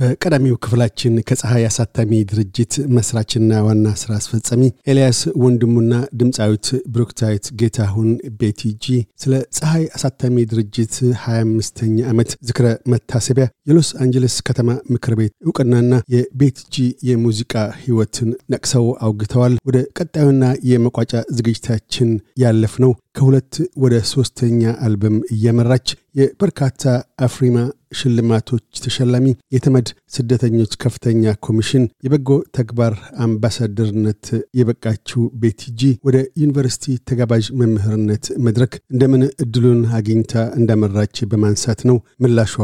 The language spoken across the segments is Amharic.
በቀዳሚው ክፍላችን ከፀሐይ አሳታሚ ድርጅት መስራችና ዋና ስራ አስፈጻሚ ኤልያስ ወንድሙና ድምፃዊት ብሩክታዊት ጌታሁን ቤቲጂ ስለ ፀሐይ አሳታሚ ድርጅት 25ኛ ዓመት ዝክረ መታሰቢያ የሎስ አንጀለስ ከተማ ምክር ቤት እውቅናና የቤቲጂ የሙዚቃ ህይወትን ነቅሰው አውግተዋል። ወደ ቀጣዩና የመቋጫ ዝግጅታችን ያለፍ ነው። ከሁለት ወደ ሶስተኛ አልበም እያመራች የበርካታ አፍሪማ ሽልማቶች ተሸላሚ፣ የተመድ ስደተኞች ከፍተኛ ኮሚሽን የበጎ ተግባር አምባሳደርነት የበቃችው ቤቲጂ ወደ ዩኒቨርሲቲ ተጋባዥ መምህርነት መድረክ እንደምን እድሉን አግኝታ እንዳመራች በማንሳት ነው። ምላሿ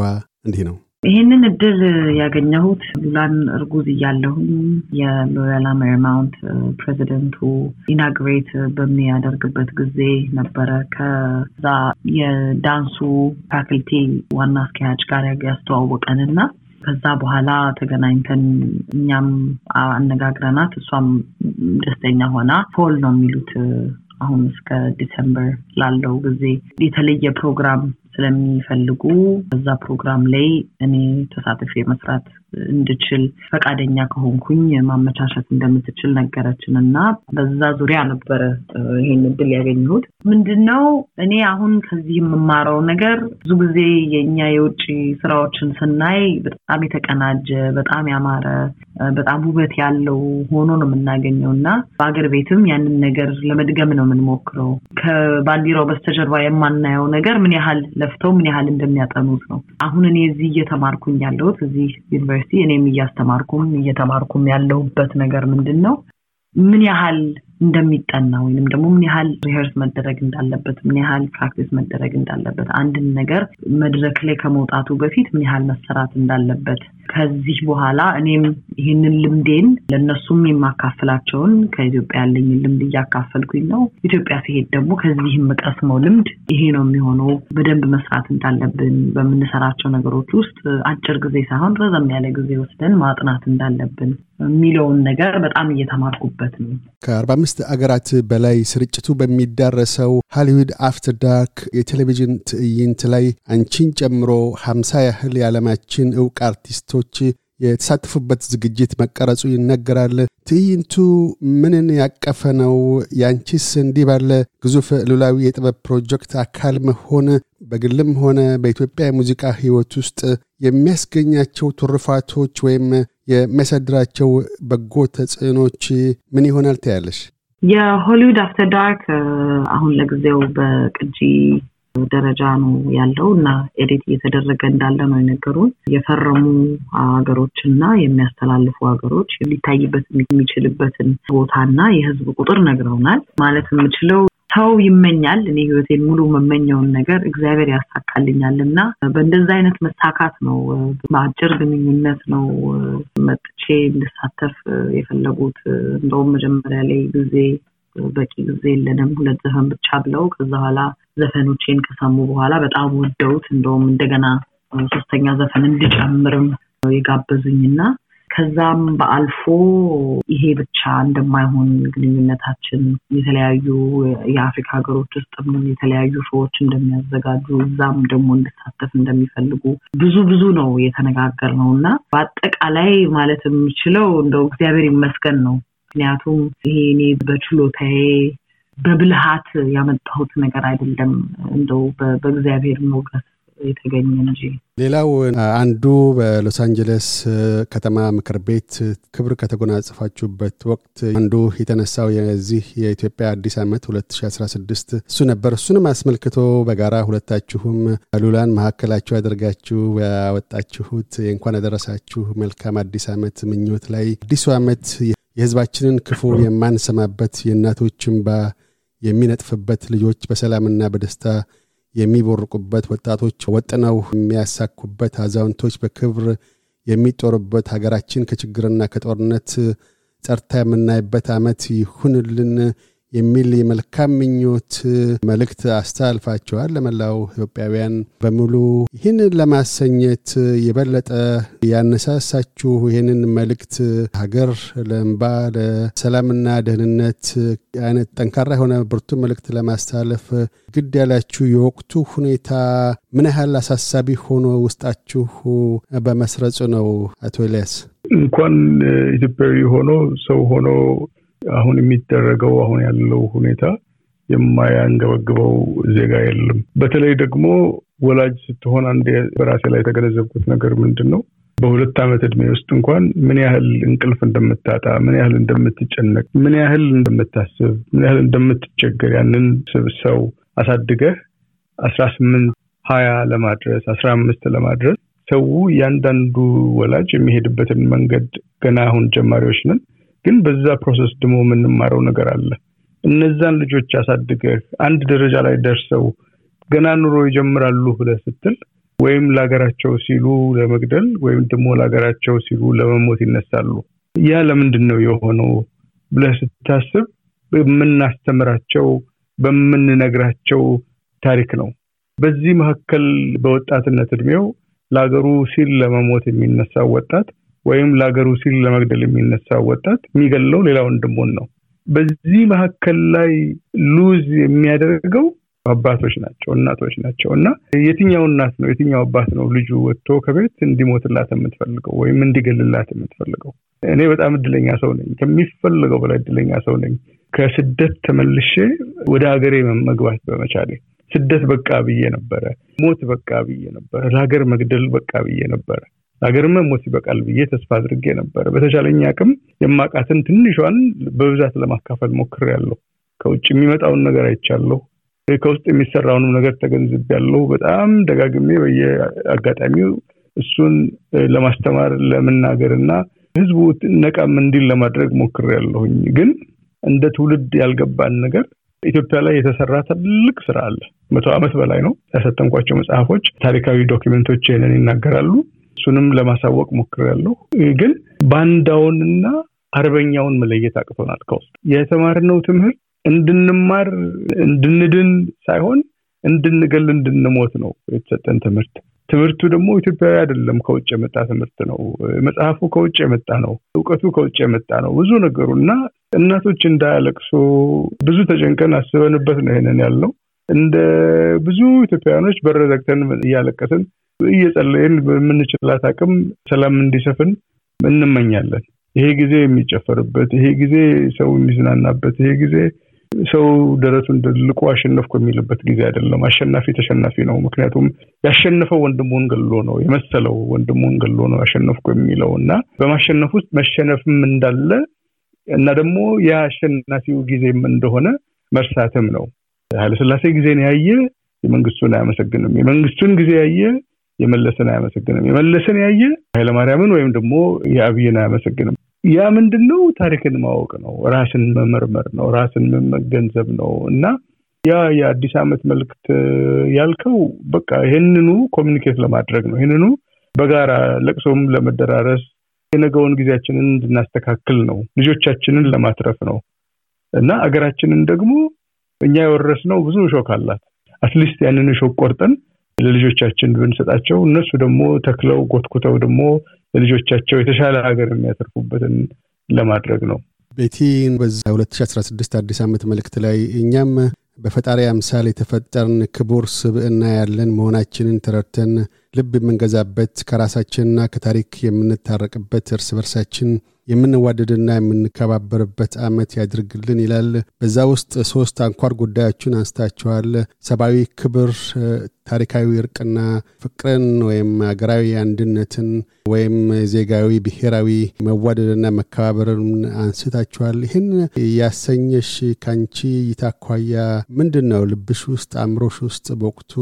እንዲህ ነው። ይህንን እድል ያገኘሁት ሉላን እርጉዝ እያለሁኝ የሎያላ ሜሪማውንት ፕሬዚደንቱ ኢናግሬት በሚያደርግበት ጊዜ ነበረ። ከዛ የዳንሱ ፋክልቲ ዋና አስኪያጅ ጋር ያስተዋወቀን እና ከዛ በኋላ ተገናኝተን እኛም አነጋግረናት እሷም ደስተኛ ሆና ፎል ነው የሚሉት አሁን እስከ ዲሰምበር ላለው ጊዜ የተለየ ፕሮግራም ስለሚፈልጉ በዛ ፕሮግራም ላይ እኔ ተሳትፌ መስራት እንድችል ፈቃደኛ ከሆንኩኝ ማመቻቸት እንደምትችል ነገረችን እና በዛ ዙሪያ ነበረ ይሄን እድል ያገኘሁት። ምንድን ነው እኔ አሁን ከዚህ የምማረው ነገር ብዙ ጊዜ የእኛ የውጭ ስራዎችን ስናይ በጣም የተቀናጀ፣ በጣም ያማረ፣ በጣም ውበት ያለው ሆኖ ነው የምናገኘው እና በአገር ቤትም ያንን ነገር ለመድገም ነው የምንሞክረው። ከባንዲራው በስተጀርባ የማናየው ነገር ምን ያህል ለፍተው ምን ያህል እንደሚያጠኑት ነው። አሁን እኔ እዚህ እየተማርኩኝ ያለሁት እዚህ ዩኒቨርሲቲ ዩኒቨርሲቲ እኔም እያስተማርኩም እየተማርኩም ያለሁበት ነገር ምንድን ነው ምን ያህል እንደሚጠና ወይንም ደግሞ ምን ያህል ሪሄርስ መደረግ እንዳለበት፣ ምን ያህል ፕራክቲስ መደረግ እንዳለበት፣ አንድን ነገር መድረክ ላይ ከመውጣቱ በፊት ምን ያህል መሰራት እንዳለበት ከዚህ በኋላ እኔም ይህንን ልምዴን ለእነሱም የማካፍላቸውን ከኢትዮጵያ ያለኝን ልምድ እያካፈልኩኝ ነው። ኢትዮጵያ ሲሄድ ደግሞ ከዚህ የምቀስመው ልምድ ይሄ ነው የሚሆነው። በደንብ መስራት እንዳለብን በምንሰራቸው ነገሮች ውስጥ አጭር ጊዜ ሳይሆን ረዘም ያለ ጊዜ ወስደን ማጥናት እንዳለብን የሚለውን ነገር በጣም እየተማርኩበት ነው። ከአርባ አምስት አገራት በላይ ስርጭቱ በሚዳረሰው ሃሊውድ አፍተር ዳርክ የቴሌቪዥን ትዕይንት ላይ አንቺን ጨምሮ ሀምሳ ያህል የዓለማችን እውቅ አርቲስቶ ወጣቶች የተሳተፉበት ዝግጅት መቀረጹ ይነገራል። ትዕይንቱ ምንን ያቀፈ ነው? ያንቺስ እንዲህ ባለ ግዙፍ ሉላዊ የጥበብ ፕሮጀክት አካል መሆን በግልም ሆነ በኢትዮጵያ የሙዚቃ ህይወት ውስጥ የሚያስገኛቸው ትሩፋቶች ወይም የሚያሳድራቸው በጎ ተጽዕኖች ምን ይሆናል ትያለሽ? የሆሊውድ አፍተር ዳርክ አሁን ለጊዜው በቅጂ ደረጃ ነው ያለው እና ኤዲት እየተደረገ እንዳለ ነው የነገሩን። የፈረሙ ሀገሮች እና የሚያስተላልፉ ሀገሮች ሊታይበት የሚችልበትን ቦታና የህዝብ ቁጥር ነግረውናል። ማለት የምችለው ሰው ይመኛል። እኔ ህይወቴን ሙሉ መመኘውን ነገር እግዚአብሔር ያሳካልኛል እና በእንደዚ አይነት መሳካት ነው በአጭር ግንኙነት ነው መጥቼ እንድሳተፍ የፈለጉት። እንደውም መጀመሪያ ላይ ጊዜ በቂ ጊዜ የለንም ሁለት ዘፈን ብቻ ብለው ከዛ በኋላ ዘፈኖቼን ከሰሙ በኋላ በጣም ወደውት እንደውም እንደገና ሶስተኛ ዘፈን እንድጨምርም የጋበዙኝ እና ከዛም በአልፎ ይሄ ብቻ እንደማይሆን ግንኙነታችን የተለያዩ የአፍሪካ ሀገሮች ውስጥም የተለያዩ ሰዎች እንደሚያዘጋጁ እዛም ደግሞ እንድሳተፍ እንደሚፈልጉ ብዙ ብዙ ነው ነው እና በአጠቃላይ ማለት የምችለው እንደው እግዚአብሔር ይመስገን ነው። ምክንያቱም ይሄ እኔ በችሎታዬ በብልሃት ያመጣሁት ነገር አይደለም። እንደው በእግዚአብሔር ሞገስ የተገኘ ነው። ሌላው አንዱ በሎስ አንጀለስ ከተማ ምክር ቤት ክብር ከተጎናጸፋችሁበት ወቅት አንዱ የተነሳው የዚህ የኢትዮጵያ አዲስ ዓመት 2016 እሱ ነበር። እሱንም አስመልክቶ በጋራ ሁለታችሁም ሉላን መካከላችሁ ያደርጋችሁ ያወጣችሁት የእንኳን ያደረሳችሁ መልካም አዲስ ዓመት ምኞት ላይ አዲሱ ዓመት የህዝባችንን ክፉ የማንሰማበት የእናቶችን ባ የሚነጥፍበት፣ ልጆች በሰላምና በደስታ የሚቦርቁበት፣ ወጣቶች ወጥነው የሚያሳኩበት፣ አዛውንቶች በክብር የሚጦሩበት፣ ሀገራችን ከችግርና ከጦርነት ጸርታ የምናይበት ዓመት ይሁንልን። የሚል የመልካም ምኞት መልእክት አስተላልፋቸዋል ለመላው ኢትዮጵያውያን በሙሉ። ይህንን ለማሰኘት የበለጠ ያነሳሳችሁ ይህንን መልእክት ሀገር ለእንባ ለሰላምና ደህንነት አይነት ጠንካራ የሆነ ብርቱ መልእክት ለማስተላለፍ ግድ ያላችሁ የወቅቱ ሁኔታ ምን ያህል አሳሳቢ ሆኖ ውስጣችሁ በመስረጹ ነው? አቶ ኤልያስ እንኳን ኢትዮጵያዊ ሆኖ ሰው ሆኖ አሁን የሚደረገው አሁን ያለው ሁኔታ የማያንገበግበው ዜጋ የለም። በተለይ ደግሞ ወላጅ ስትሆን አንድ በራሴ ላይ የተገነዘብኩት ነገር ምንድን ነው በሁለት ዓመት እድሜ ውስጥ እንኳን ምን ያህል እንቅልፍ እንደምታጣ፣ ምን ያህል እንደምትጨነቅ፣ ምን ያህል እንደምታስብ፣ ምን ያህል እንደምትቸገር ያንን ሰው አሳድገህ አስራ ስምንት ሀያ ለማድረስ አስራ አምስት ለማድረስ ሰው እያንዳንዱ ወላጅ የሚሄድበትን መንገድ ገና አሁን ጀማሪዎች ነን። ግን በዛ ፕሮሰስ ደግሞ የምንማረው ነገር አለ። እነዛን ልጆች አሳድገህ አንድ ደረጃ ላይ ደርሰው ገና ኑሮ ይጀምራሉ ብለ ስትል ወይም ለሀገራቸው ሲሉ ለመግደል ወይም ደግሞ ለሀገራቸው ሲሉ ለመሞት ይነሳሉ። ያ ለምንድን ነው የሆነው ብለ ስታስብ የምናስተምራቸው በምንነግራቸው ታሪክ ነው። በዚህ መካከል በወጣትነት እድሜው ለሀገሩ ሲል ለመሞት የሚነሳው ወጣት ወይም ለሀገሩ ሲል ለመግደል የሚነሳ ወጣት የሚገለው ሌላ ወንድሙን ነው። በዚህ መካከል ላይ ሉዝ የሚያደርገው አባቶች ናቸው፣ እናቶች ናቸው። እና የትኛው እናት ነው የትኛው አባት ነው ልጁ ወጥቶ ከቤት እንዲሞትላት የምትፈልገው ወይም እንዲገልላት የምትፈልገው? እኔ በጣም እድለኛ ሰው ነኝ፣ ከሚፈልገው በላይ እድለኛ ሰው ነኝ። ከስደት ተመልሼ ወደ ሀገሬ መግባት በመቻሌ ስደት በቃ ብዬ ነበረ፣ ሞት በቃ ብዬ ነበረ፣ ለሀገር መግደል በቃ ብዬ ነበረ። ሀገር መሞት ይበቃል ብዬ ተስፋ አድርጌ ነበረ። በተቻለኝ አቅም የማቃትን ትንሿን በብዛት ለማካፈል ሞክር ያለሁ ከውጭ የሚመጣውን ነገር አይቻለሁ። ከውስጥ የሚሰራውንም ነገር ያለሁ በጣም ደጋግሜ በየአጋጣሚው እሱን ለማስተማር ለመናገር እና ህዝቡ ነቃም እንዲል ለማድረግ ሞክር ያለሁኝ ግን እንደ ትውልድ ያልገባን ነገር ኢትዮጵያ ላይ የተሰራ ትልቅ ስራ አለ። መቶ ዓመት በላይ ነው ያሰተንኳቸው መጽሐፎች፣ ታሪካዊ ዶኪመንቶች ይንን ይናገራሉ። እሱንም ለማሳወቅ ሞክሬያለሁ። ግን ባንዳውንና አርበኛውን መለየት አቅቶናል። ከውስጥ የተማርነው ትምህርት እንድንማር እንድንድን ሳይሆን እንድንገል እንድንሞት ነው የተሰጠን ትምህርት። ትምህርቱ ደግሞ ኢትዮጵያዊ አይደለም፣ ከውጭ የመጣ ትምህርት ነው። መጽሐፉ ከውጭ የመጣ ነው። እውቀቱ ከውጭ የመጣ ነው። ብዙ ነገሩ እና እናቶች እንዳያለቅሱ ብዙ ተጨንቀን አስበንበት ነው ይሄንን ያለው እንደ ብዙ ኢትዮጵያውያኖች በረዘግተን እያለቀትን እያለቀስን እየጸለይን በምንችላት አቅም ሰላም እንዲሰፍን እንመኛለን። ይሄ ጊዜ የሚጨፈርበት፣ ይሄ ጊዜ ሰው የሚዝናናበት፣ ይሄ ጊዜ ሰው ደረቱን ልቆ አሸነፍኩ የሚልበት ጊዜ አይደለም። አሸናፊ ተሸናፊ ነው። ምክንያቱም ያሸነፈው ወንድሙን ገሎ ነው፣ የመሰለው ወንድሙን ገሎ ነው ያሸነፍኩ የሚለው እና በማሸነፍ ውስጥ መሸነፍም እንዳለ እና ደግሞ የአሸናፊው ጊዜም እንደሆነ መርሳትም ነው። ኃይለሥላሴ ጊዜን ያየ የመንግስቱን አያመሰግንም፣ የመንግስቱን ጊዜ ያየ የመለሰን አያመሰግንም። የመለሰን ያየ ኃይለማርያምን ወይም ደግሞ የአብይን አያመሰግንም። ያ ምንድን ነው? ታሪክን ማወቅ ነው፣ ራስን መመርመር ነው፣ ራስን መገንዘብ ነው እና ያ የአዲስ ዓመት መልክት ያልከው በቃ ይህንኑ ኮሚኒኬት ለማድረግ ነው። ይህንኑ በጋራ ለቅሶም ለመደራረስ የነገውን ጊዜያችንን እንድናስተካክል ነው። ልጆቻችንን ለማትረፍ ነው እና አገራችንን ደግሞ እኛ የወረስነው ብዙ እሾክ አላት። አትሊስት ያንን እሾክ ቆርጠን ለልጆቻችን ብንሰጣቸው እነሱ ደግሞ ተክለው ጎትኩተው ደግሞ ለልጆቻቸው የተሻለ ሀገር የሚያተርፉበትን ለማድረግ ነው። ቤቲ በዛ 2016 አዲስ ዓመት መልእክት ላይ እኛም በፈጣሪ አምሳል የተፈጠርን ክቡር ስብዕና ያለን መሆናችንን ተረድተን ልብ የምንገዛበት ከራሳችንና ከታሪክ የምንታረቅበት እርስ በርሳችን የምንዋደድና የምንከባበርበት ዓመት ያድርግልን ይላል። በዛ ውስጥ ሶስት አንኳር ጉዳዮችን አንስታችኋል። ሰብአዊ ክብር፣ ታሪካዊ እርቅና ፍቅርን ወይም አገራዊ አንድነትን ወይም ዜጋዊ ብሔራዊ መዋደድና መከባበርን አንስታችኋል። ይህን ያሰኘሽ ካንቺ እይታ አኳያ ምንድን ነው? ልብሽ ውስጥ አእምሮሽ ውስጥ በወቅቱ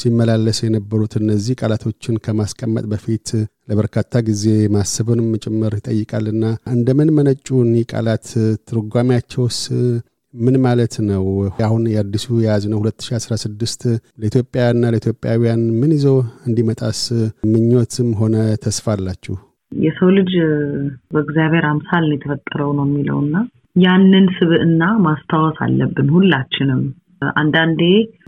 ሲመላለስ የነበሩት እነዚህ ቃላቶችን ከማስቀመጥ በፊት ለበርካታ ጊዜ ማስብንም ጭምር ይጠይቃልና እንደምን መነጩ? እኒህ ቃላት ትርጓሜያቸውስ ምን ማለት ነው? አሁን የአዲሱ የያዝነው 2016 ለኢትዮጵያና ለኢትዮጵያውያን ምን ይዞ እንዲመጣስ ምኞትም ሆነ ተስፋ አላችሁ? የሰው ልጅ በእግዚአብሔር አምሳል ነው የተፈጠረው ነው የሚለውና ያንን ስብዕና ማስታወስ አለብን ሁላችንም። አንዳንዴ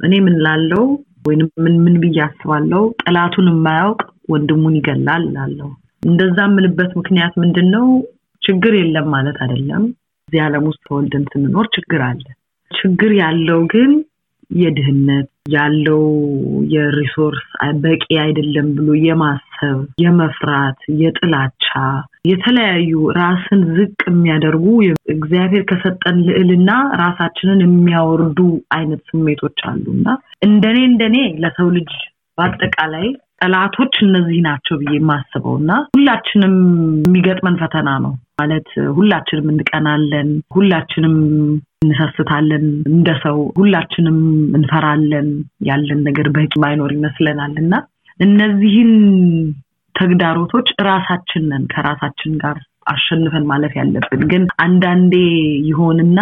እኔ ምን ላለው ወይም ምን ምን ብዬ አስባለሁ ጠላቱን የማያውቅ ወንድሙን ይገላል ላለው እንደዛ የምልበት ምክንያት ምንድን ነው? ችግር የለም ማለት አይደለም። እዚህ ዓለም ውስጥ ተወልደን ስንኖር ችግር አለ። ችግር ያለው ግን የድህነት ያለው የሪሶርስ በቂ አይደለም ብሎ የማሰብ የመፍራት፣ የጥላቻ የተለያዩ ራስን ዝቅ የሚያደርጉ እግዚአብሔር ከሰጠን ልዕልና ራሳችንን የሚያወርዱ አይነት ስሜቶች አሉ እና እንደኔ እንደኔ ለሰው ልጅ በአጠቃላይ ጠላቶች እነዚህ ናቸው ብዬ የማስበው እና ሁላችንም የሚገጥመን ፈተና ነው። ማለት ሁላችንም እንቀናለን፣ ሁላችንም እንሰስታለን፣ እንደ ሰው ሁላችንም እንፈራለን። ያለን ነገር በቂ ማይኖር ይመስለናል እና እነዚህን ተግዳሮቶች ራሳችንን ከራሳችን ጋር አሸንፈን ማለፍ ያለብን ግን አንዳንዴ ይሆንና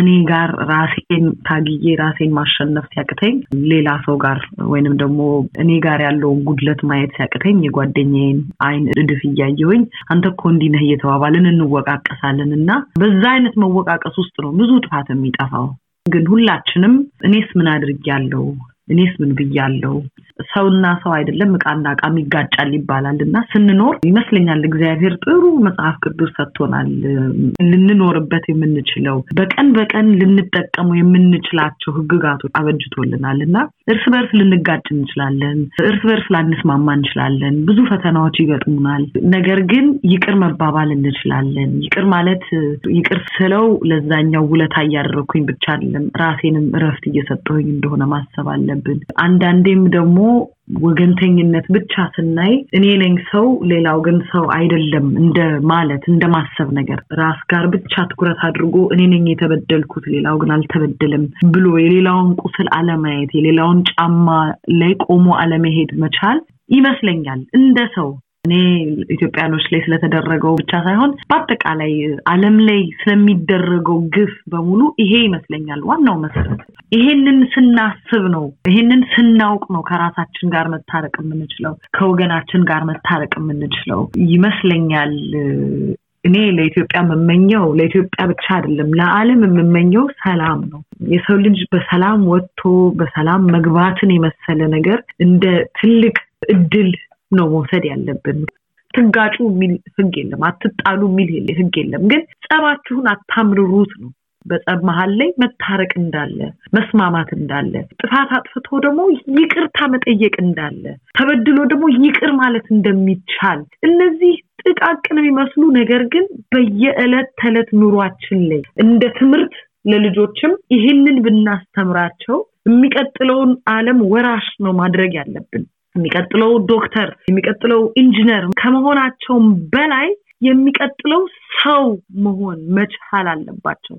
እኔ ጋር ራሴን ታግዬ ራሴን ማሸነፍ ሲያቅተኝ ሌላ ሰው ጋር ወይንም ደግሞ እኔ ጋር ያለውን ጉድለት ማየት ሲያቅተኝ የጓደኛዬን አይን እድፍ እያየውኝ አንተ እኮ እንዲህ ነህ እየተባባልን እንወቃቀሳለን እና በዛ አይነት መወቃቀስ ውስጥ ነው ብዙ ጥፋት የሚጠፋው። ግን ሁላችንም እኔስ ምን ያለው እኔስ ምን ብያለው ሰውና ሰው አይደለም እቃና እቃም ይጋጫል ይባላል እና ስንኖር ይመስለኛል እግዚአብሔር ጥሩ መጽሐፍ ቅዱስ ሰጥቶናል። ልንኖርበት የምንችለው በቀን በቀን ልንጠቀመው የምንችላቸው ህግጋቶች አበጅቶልናል እና እርስ በርስ ልንጋጭ እንችላለን። እርስ በርስ ላንስማማ እንችላለን። ብዙ ፈተናዎች ይገጥሙናል። ነገር ግን ይቅር መባባል እንችላለን። ይቅር ማለት ይቅር ስለው ለዛኛው ውለታ እያደረግኩኝ ብቻ አለም ራሴንም እረፍት እየሰጠሁኝ እንደሆነ ማሰብ አለብን። አንዳንዴም ደግሞ ደግሞ ወገንተኝነት ብቻ ስናይ እኔ ነኝ ሰው፣ ሌላው ግን ሰው አይደለም እንደ ማለት እንደ ማሰብ ነገር ራስ ጋር ብቻ ትኩረት አድርጎ እኔ ነኝ የተበደልኩት፣ ሌላው ግን አልተበደለም ብሎ የሌላውን ቁስል አለማየት፣ የሌላውን ጫማ ላይ ቆሞ አለመሄድ መቻል ይመስለኛል እንደ ሰው እኔ ኢትዮጵያኖች ላይ ስለተደረገው ብቻ ሳይሆን በአጠቃላይ ዓለም ላይ ስለሚደረገው ግፍ በሙሉ ይሄ ይመስለኛል ዋናው መሰረት። ይሄንን ስናስብ ነው፣ ይሄንን ስናውቅ ነው ከራሳችን ጋር መታረቅ የምንችለው፣ ከወገናችን ጋር መታረቅ የምንችለው ይመስለኛል። እኔ ለኢትዮጵያ የምመኘው ለኢትዮጵያ ብቻ አይደለም ለዓለም የምመኘው ሰላም ነው። የሰው ልጅ በሰላም ወጥቶ በሰላም መግባትን የመሰለ ነገር እንደ ትልቅ እድል ነው መውሰድ ያለብን። ትጋጩ የሚል ህግ የለም፣ አትጣሉ የሚል ህግ የለም። ግን ጸባችሁን አታምርሩት ነው በጸብ መሀል ላይ መታረቅ እንዳለ መስማማት እንዳለ ጥፋት አጥፍቶ ደግሞ ይቅርታ መጠየቅ እንዳለ ተበድሎ ደግሞ ይቅር ማለት እንደሚቻል እነዚህ ጥቃቅን የሚመስሉ ነገር ግን በየዕለት ተዕለት ኑሯችን ላይ እንደ ትምህርት ለልጆችም ይህንን ብናስተምራቸው የሚቀጥለውን አለም ወራሽ ነው ማድረግ ያለብን። የሚቀጥለው ዶክተር፣ የሚቀጥለው ኢንጂነር ከመሆናቸውም በላይ የሚቀጥለው ሰው መሆን መቻል አለባቸው።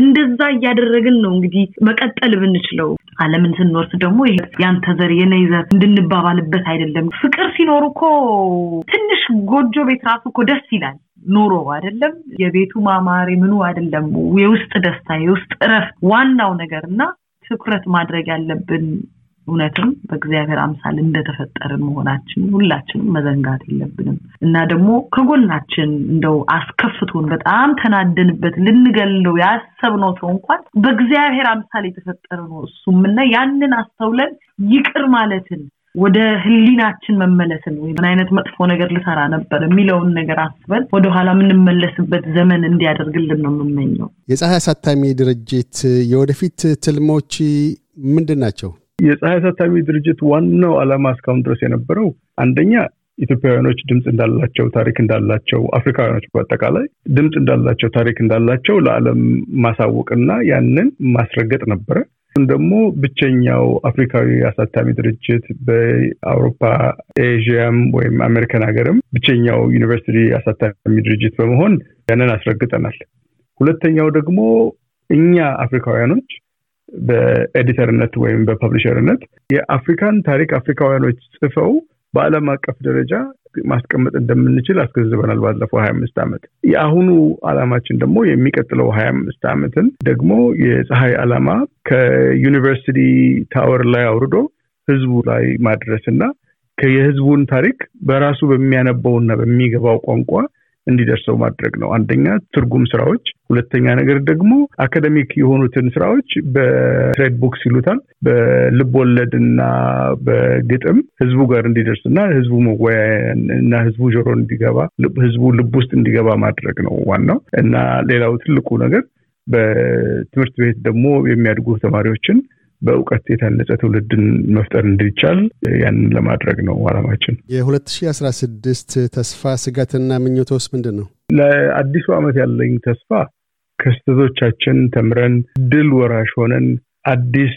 እንደዛ እያደረግን ነው እንግዲህ መቀጠል ብንችለው። አለምን ስንወርስ ደግሞ ያንተ ዘር የነይዘር ዘር እንድንባባልበት አይደለም። ፍቅር ሲኖር እኮ ትንሽ ጎጆ ቤት ራሱ እኮ ደስ ይላል። ኑሮ አይደለም የቤቱ ማማሪ ምኑ አይደለም፣ የውስጥ ደስታ፣ የውስጥ እረፍት ዋናው ነገር እና ትኩረት ማድረግ ያለብን እውነትም በእግዚአብሔር አምሳል እንደተፈጠርን መሆናችን ሁላችንም መዘንጋት የለብንም እና ደግሞ ከጎናችን እንደው አስከፍቶን በጣም ተናደንበት ልንገለው ያሰብነው ሰው እንኳን በእግዚአብሔር አምሳል የተፈጠረ ነው እሱም እና ያንን አስተውለን ይቅር ማለትን ወደ ህሊናችን መመለስን ወይ ምን አይነት መጥፎ ነገር ልሰራ ነበር የሚለውን ነገር አስበን ወደኋላ የምንመለስበት ዘመን እንዲያደርግልን ነው የምመኘው። የፀሐይ አሳታሚ ድርጅት የወደፊት ትልሞች ምንድን ናቸው? የፀሐይ አሳታሚ ድርጅት ዋናው ዓላማ እስካሁን ድረስ የነበረው አንደኛ ኢትዮጵያውያኖች ድምፅ እንዳላቸው ታሪክ እንዳላቸው አፍሪካውያኖች በአጠቃላይ ድምፅ እንዳላቸው ታሪክ እንዳላቸው ለዓለም ማሳወቅና ያንን ማስረገጥ ነበረ። ደግሞ ብቸኛው አፍሪካዊ አሳታሚ ድርጅት በአውሮፓ ኤዥያም ወይም አሜሪካን ሀገርም ብቸኛው ዩኒቨርሲቲ አሳታሚ ድርጅት በመሆን ያንን አስረግጠናል። ሁለተኛው ደግሞ እኛ አፍሪካውያኖች በኤዲተርነት ወይም በፐብሊሸርነት የአፍሪካን ታሪክ አፍሪካውያኖች ጽፈው በዓለም አቀፍ ደረጃ ማስቀመጥ እንደምንችል አስገንዝበናል ባለፈው ሀያ አምስት ዓመት። የአሁኑ አላማችን ደግሞ የሚቀጥለው ሀያ አምስት ዓመትን ደግሞ የፀሐይ ዓላማ ከዩኒቨርሲቲ ታወር ላይ አውርዶ ህዝቡ ላይ ማድረስ እና የህዝቡን ታሪክ በራሱ በሚያነበውና በሚገባው ቋንቋ እንዲደርሰው ማድረግ ነው። አንደኛ ትርጉም ስራዎች፣ ሁለተኛ ነገር ደግሞ አካደሚክ የሆኑትን ስራዎች በትሬድ ቦክስ ይሉታል በልብ ወለድና በግጥም ህዝቡ ጋር እንዲደርስ እና ህዝቡ መወያያ እና ህዝቡ ጆሮ እንዲገባ ህዝቡ ልብ ውስጥ እንዲገባ ማድረግ ነው ዋናው እና ሌላው ትልቁ ነገር በትምህርት ቤት ደግሞ የሚያድጉ ተማሪዎችን በእውቀት የታነጸ ትውልድን መፍጠር እንዲቻል ያንን ለማድረግ ነው አላማችን። የ2016 ተስፋ ስጋትና ምኞት ውስጥ ምንድን ነው? ለአዲሱ ዓመት ያለኝ ተስፋ ከስህተቶቻችን ተምረን ድል ወራሽ ሆነን አዲስ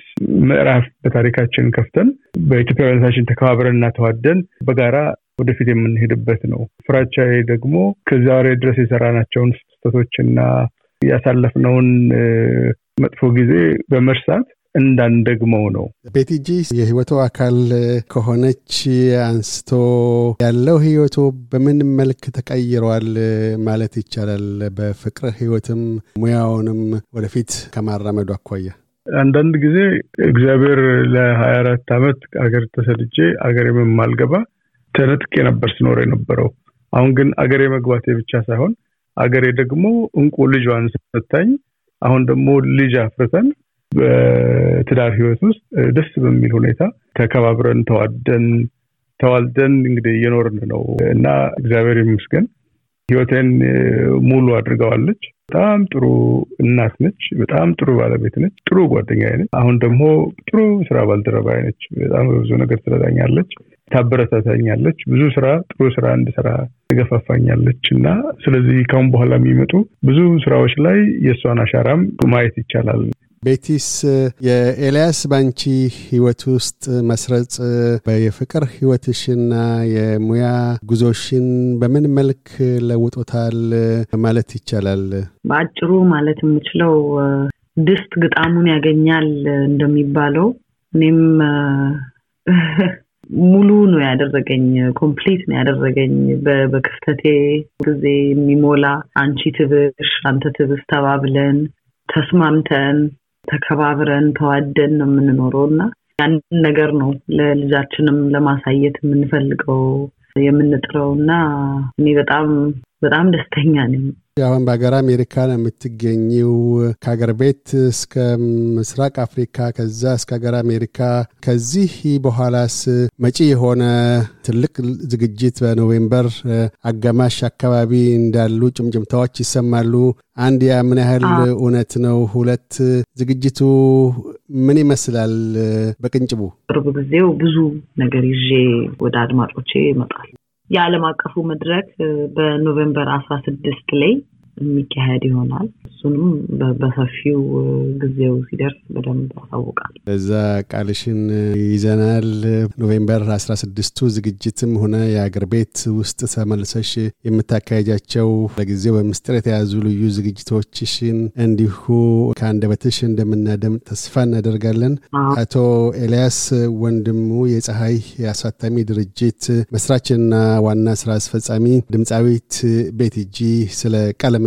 ምዕራፍ በታሪካችን ከፍተን በኢትዮጵያዊነታችን ተከባብረን እና ተዋደን በጋራ ወደፊት የምንሄድበት ነው። ፍራቻዬ ደግሞ ከዛሬ ድረስ የሰራናቸውን ስህተቶችና ያሳለፍነውን መጥፎ ጊዜ በመርሳት እንዳንደግመው ነው። ቤቲጂ የህይወቱ አካል ከሆነች አንስቶ ያለው ህይወቱ በምን መልክ ተቀይሯል ማለት ይቻላል? በፍቅር ህይወትም ሙያውንም ወደፊት ከማራመዱ አኳያ አንዳንድ ጊዜ እግዚአብሔር ለሀያ አራት ዓመት አገር ተሰድጄ አገር የምማልገባ ተነጥቄ ነበር ስኖር የነበረው። አሁን ግን አገሬ መግባቴ ብቻ ሳይሆን አገሬ ደግሞ እንቁ ልጇን ሰታኝ። አሁን ደግሞ ልጅ አፍርተን በትዳር ህይወት ውስጥ ደስ በሚል ሁኔታ ተከባብረን ተዋደን ተዋልደን እንግዲህ እየኖርን ነው እና እግዚአብሔር ይመስገን ህይወቴን ሙሉ አድርገዋለች። በጣም ጥሩ እናት ነች። በጣም ጥሩ ባለቤት ነች። ጥሩ ጓደኛ ነች። አሁን ደግሞ ጥሩ ስራ ባልደረባ ነች። በጣም በብዙ ነገር ትረዳኛለች፣ ታበረታታኛለች። ብዙ ስራ ጥሩ ስራ እንድሰራ ተገፋፋኛለች እና ስለዚህ ካሁን በኋላ የሚመጡ ብዙ ስራዎች ላይ የእሷን አሻራም ማየት ይቻላል። ቤቲስ የኤልያስ ባንቺ ህይወት ውስጥ መስረጽ የፍቅር ህይወትሽና የሙያ ጉዞሽን በምን መልክ ለውጦታል ማለት ይቻላል? በአጭሩ ማለት የምችለው ድስት ግጣሙን ያገኛል እንደሚባለው እኔም ሙሉ ነው ያደረገኝ፣ ኮምፕሊት ነው ያደረገኝ። በክፍተቴ ጊዜ የሚሞላ አንቺ ትብሽ አንተ ትብስ ተባብለን ተስማምተን ተከባብረን ተዋደን ነው የምንኖረው እና ያንን ነገር ነው ለልጃችንም ለማሳየት የምንፈልገው የምንጥረው እና እኔ በጣም በጣም ደስተኛ ነኝ። አሁን በሀገር አሜሪካ ነው የምትገኘው። ከሀገር ቤት እስከ ምስራቅ አፍሪካ ከዛ እስከ ሀገር አሜሪካ። ከዚህ በኋላስ መጪ የሆነ ትልቅ ዝግጅት በኖቬምበር አጋማሽ አካባቢ እንዳሉ ጭምጭምታዎች ይሰማሉ። አንድ ያ ምን ያህል እውነት ነው? ሁለት ዝግጅቱ ምን ይመስላል? በቅንጭቡ ቅርብ ጊዜው ብዙ ነገር ይዤ ወደ አድማጮቼ ይመጣል። የዓለም አቀፉ መድረክ በኖቬምበር አስራ ስድስት ላይ የሚካሄድ ይሆናል። እሱንም በሰፊው ጊዜው ሲደርስ በደንብ አሳውቃል እዛ ቃልሽን ይዘናል። ኖቬምበር አስራ ስድስቱ ዝግጅትም ሆነ የአገር ቤት ውስጥ ተመልሰሽ የምታካሄጃቸው ለጊዜው በምስጢር የተያዙ ልዩ ዝግጅቶችሽን እንዲሁ ከአንድ በትሽ እንደምናደም ተስፋ እናደርጋለን። አቶ ኤልያስ ወንድሙ የፀሐይ የአሳታሚ ድርጅት መስራችና ዋና ስራ አስፈጻሚ ድምፃዊት ቤትጂ ስለ ቀለም